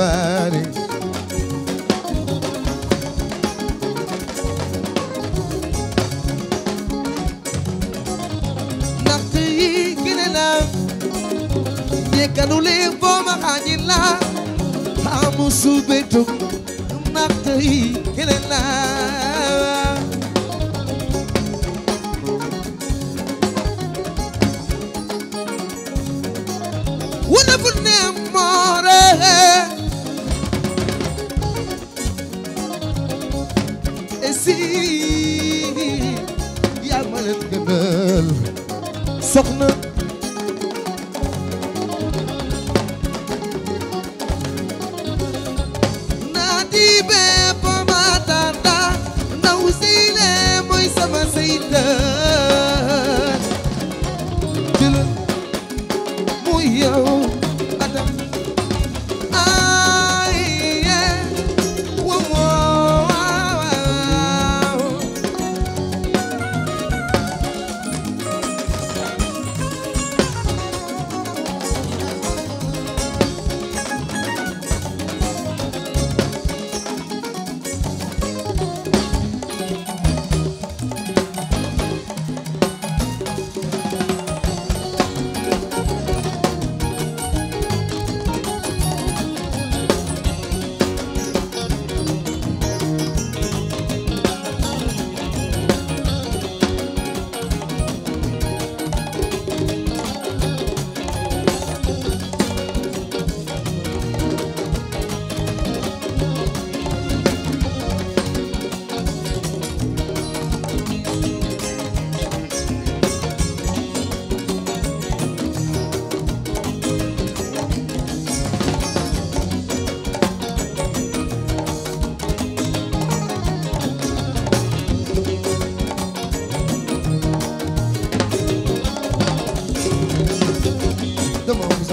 somebody. Nakti ginela, yekanuli boma hanila, hamusu betu nakti ginela. na soxna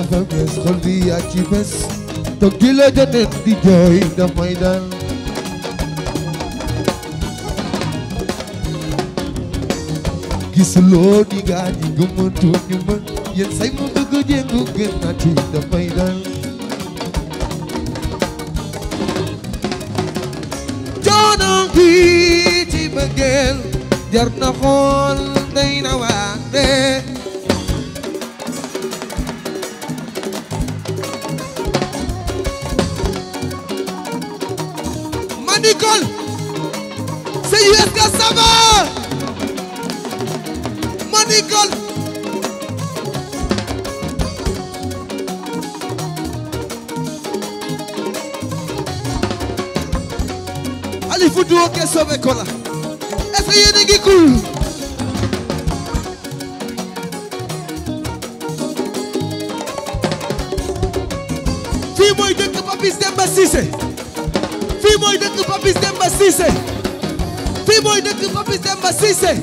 dafa fees xol yaa ci fees toog di la jëndee di jooy daf may dal gisuloo di gaa ñi gëmëntu ñu mën yéen say mu bëgg jéngu gën na ci daf may dal coono gi ci bëggeel jar na xool day na waande Papa Nicole Seyou est-ce que ma Nicole ali fu duwo ke sobe ko la est-ce que yéen a ngi cool fii mooy fii mooy dëkk Papis Demba Cissé fii mooy dëkk Papis Demba Cissé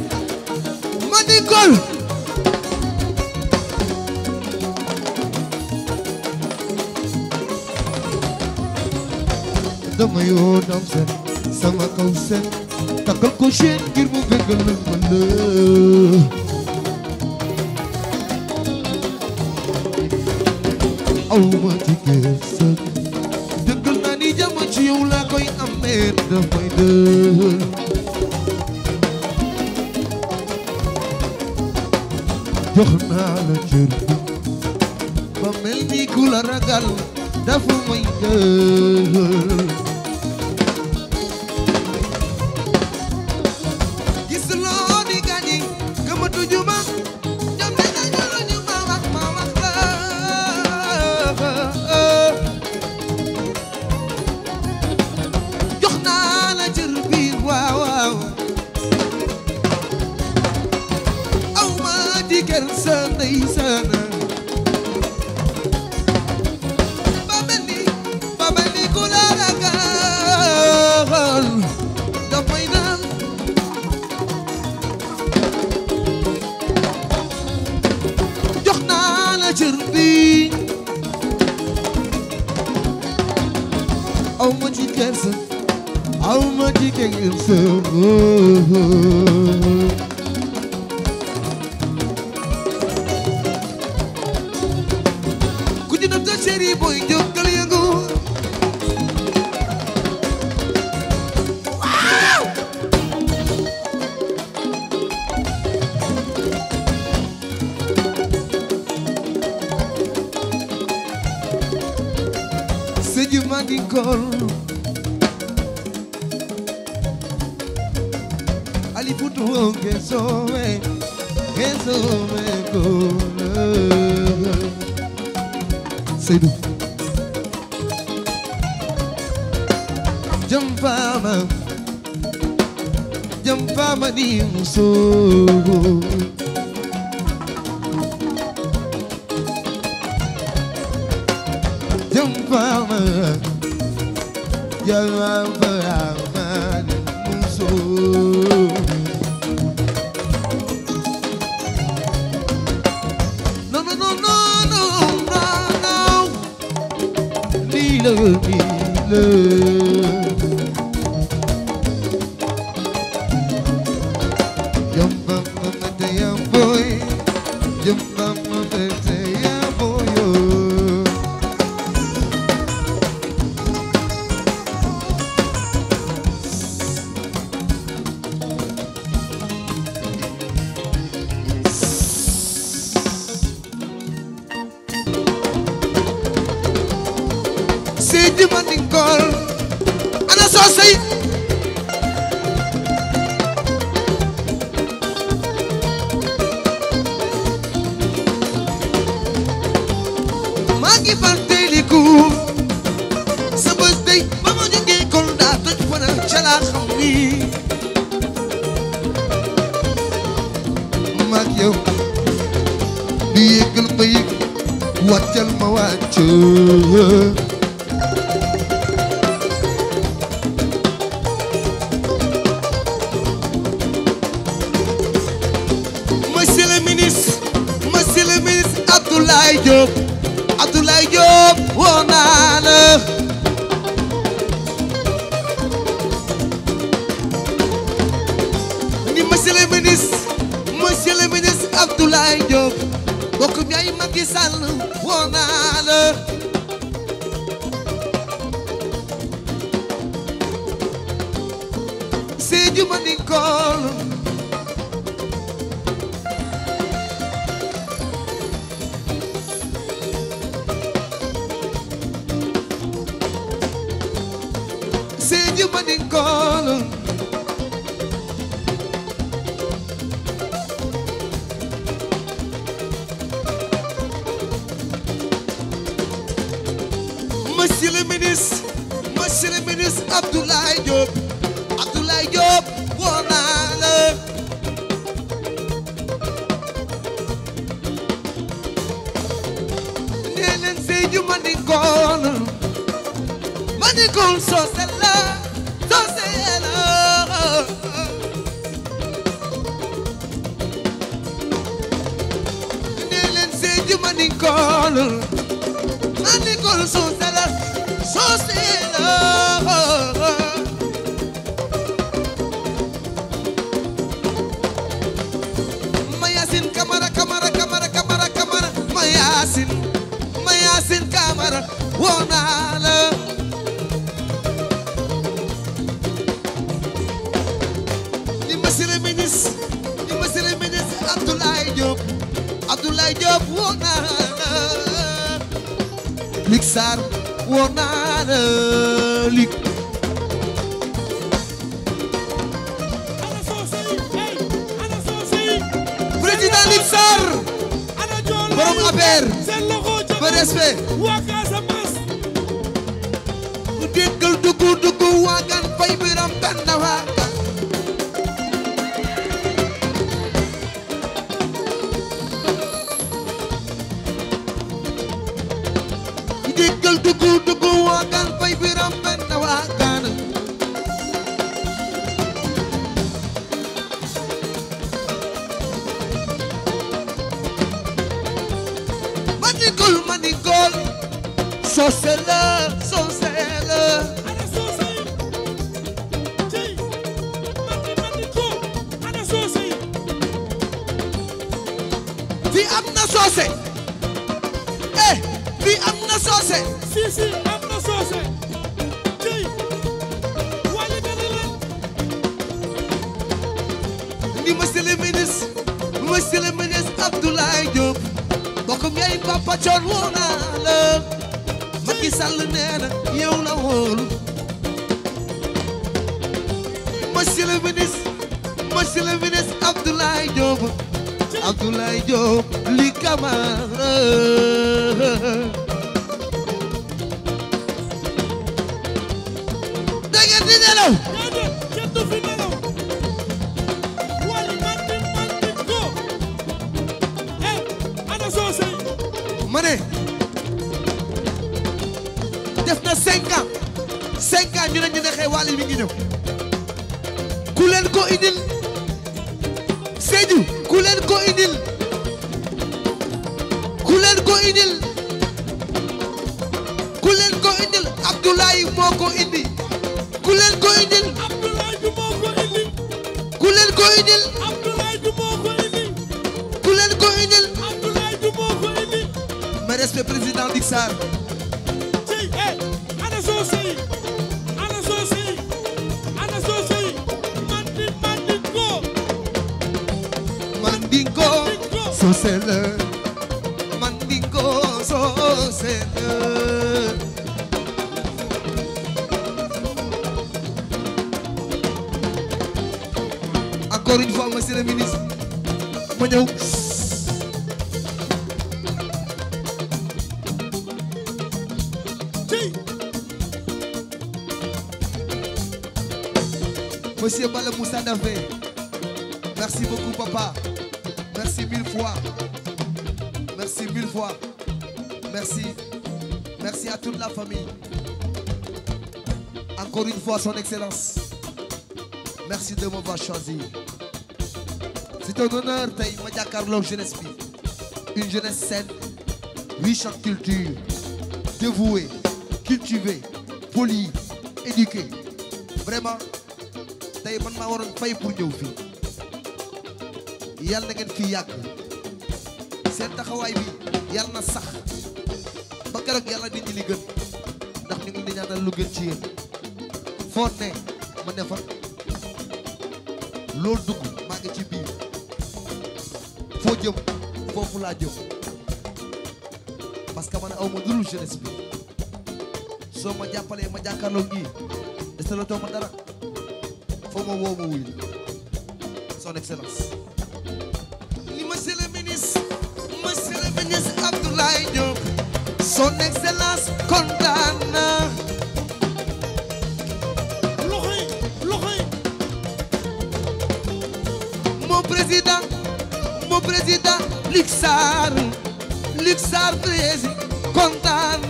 Mandingol dama yoonam seen sama kaw seen ko seen ngir mu bëggal ma la aw ma ci gëstu jigéen damay dël jox naa la cër ba mel ni ku la dafa aw ma jigéen sa ku ci doon sa chéri boy Seydou jam faama jam faama di musoo jam faama jam faama di musoo love me, love. Yum, mama, yum, boy, yum. wàccal ma wàcc de uma manicolo ju mandinkoon mandinkoon soose la soose la nee leen see ju mandinkoon mandinkoon soose la soose la Mayasin Kamara Kamara Kamara Kamara Mayasin faral woo naa la ni monsieur le ministre ni monsieur le ministre Abdoulaye Diop Abdoulaye Diop woo naa la Lig Sarr woo naa la Lig président Lig Sarr borom affaire ba respect waa Casamance bu déggal duggu duggu waa gan fay biram kan na waa gan bu déggal duggu duggu waa gan fay biram kan na waa gan sosé la sosé la ana sosé ci mati mati ko ana sosé fi am na sosé eh fi am na sosé si wali dana la ni monsieur le ministre monsieur le ministre Abdoulaye la Macky Sall nee na yow la wóolu monsieur le ministre monsieur le ministre Abdoulaye Diop Abdoulaye Diop li Camara da ngeen di ñu ne ñu ne xëy Wally mi ngi ñëw ku leen ko indil Sédhiou ku leen ko indil ku leen ko indil ku leen ko indil Abdoulaye moo ko indi ku leen ko indil Abdoulaye du moo ko indi ku leen ko indil Abdoulaye du moo ko indi ku leen ko indil Abdoulaye du moo ko indi ma respect président Dixar sele mandingo so sele encore une fois monsieur le ministre ma ñëw Monsieur Bala Moussa Davé merci beaucoup papa merci mille fois à toute la famille. Encore une fois, Son Excellence, merci de m'avoir choisi. C'est un honneur tey ma jàkkaarloo jeunesse vive, une jeunesse saine riche en culture dévouée cultivée polie éduquée vraiment tey man maa waroon fay pour ñëw fille. Yalla na ngeen fii C'est seen taxawaay bi yalla na sax. keroog yàlla di ñu li gën ndax ñu ngi di ñaanal lu gën ci yéen foo ne ma ne fa loolu dugg maa ngi ci biir foo jëm foofu laa jëm parce que man aw ma dul jeunesse soo ma jàppalee ma jàkkaarloo gi desalatoo ma ma woo ma wuyu son excellence li son excellence kontaan na loxoy mon président mon président Luxar Luxar président kontaan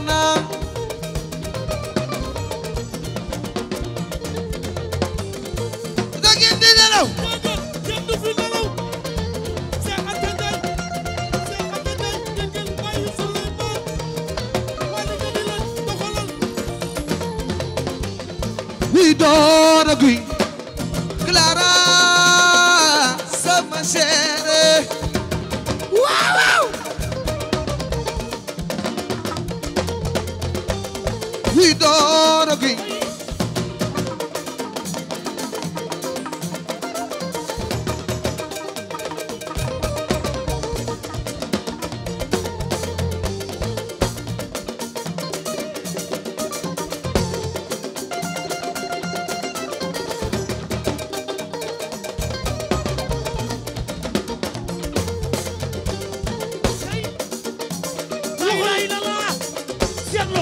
We don't agree.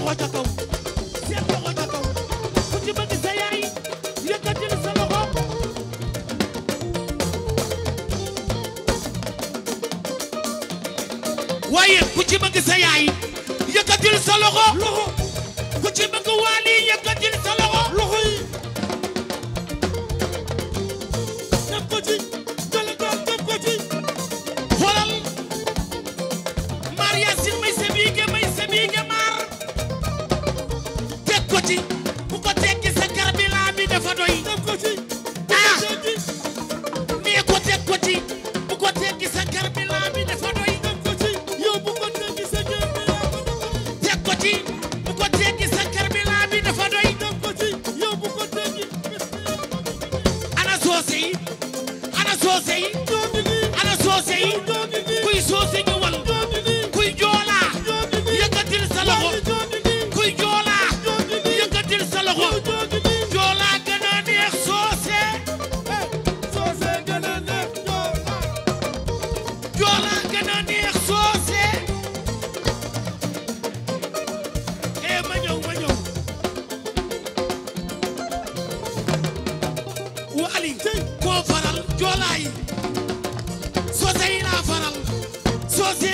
loxo ca kaw seen loxo ku ci bëgg sa Saly koo faral joolaa yi soose yi laa faral soose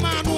máa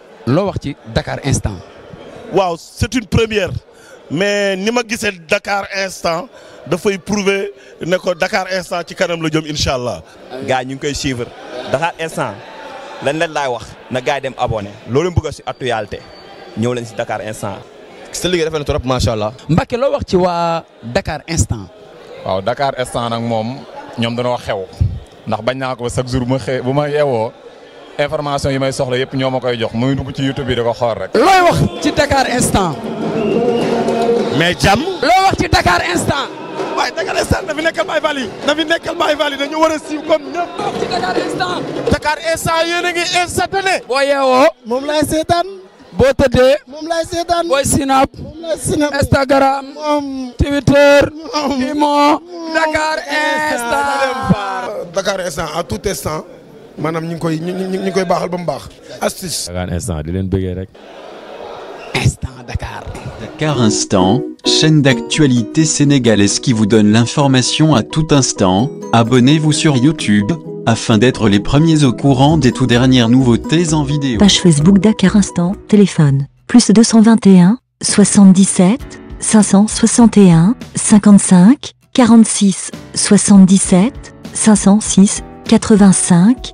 loo wax ci Dakar instant. waaw c'est une première mais ni ma Dakar instant dafay prouver ne Dakar instant ci kanam la jëm Inshallah. allah. gars ñu ngi koy suivre Dakar instant lan leen laay wax na gars yi dem abonné loolu bëgg a si actualité ñëw leen si Dakar instant. sa liggéey rafet na trop macha allah. Mbacke loo wax ci waa Dakar instant. waaw Dakar instant nag moom ñoom dañoo xew ndax bañ naa ko chaque jour bu ma xee information yi may soxla yëpp ñoo ma koy jox muy dugg ci YouTube bi da ko xool rek. looy wax ci Dakar instant. mais jàmm. loo wax ci Dakar instant. Dakar instant na fi instant. Dakar boo yeewoo moom laay seetaan. boo tëddee. moom laay seetaan. booy Sinap. Instagram. Twitter. moom Imo. Dakar instant. Dakar instant à tout manam koy koy Dakar instant di rek. Instant chaîne d'actualité sénégalaise qui vous donne l'information à tout instant. Abonnez-vous sur YouTube afin d'être les premiers au courant des toutes dernières nouveautés en vidéo. Page Facebook Dakar Instant, téléphone, plus 221, 77, 561, 55, 46, 77, 506, 85,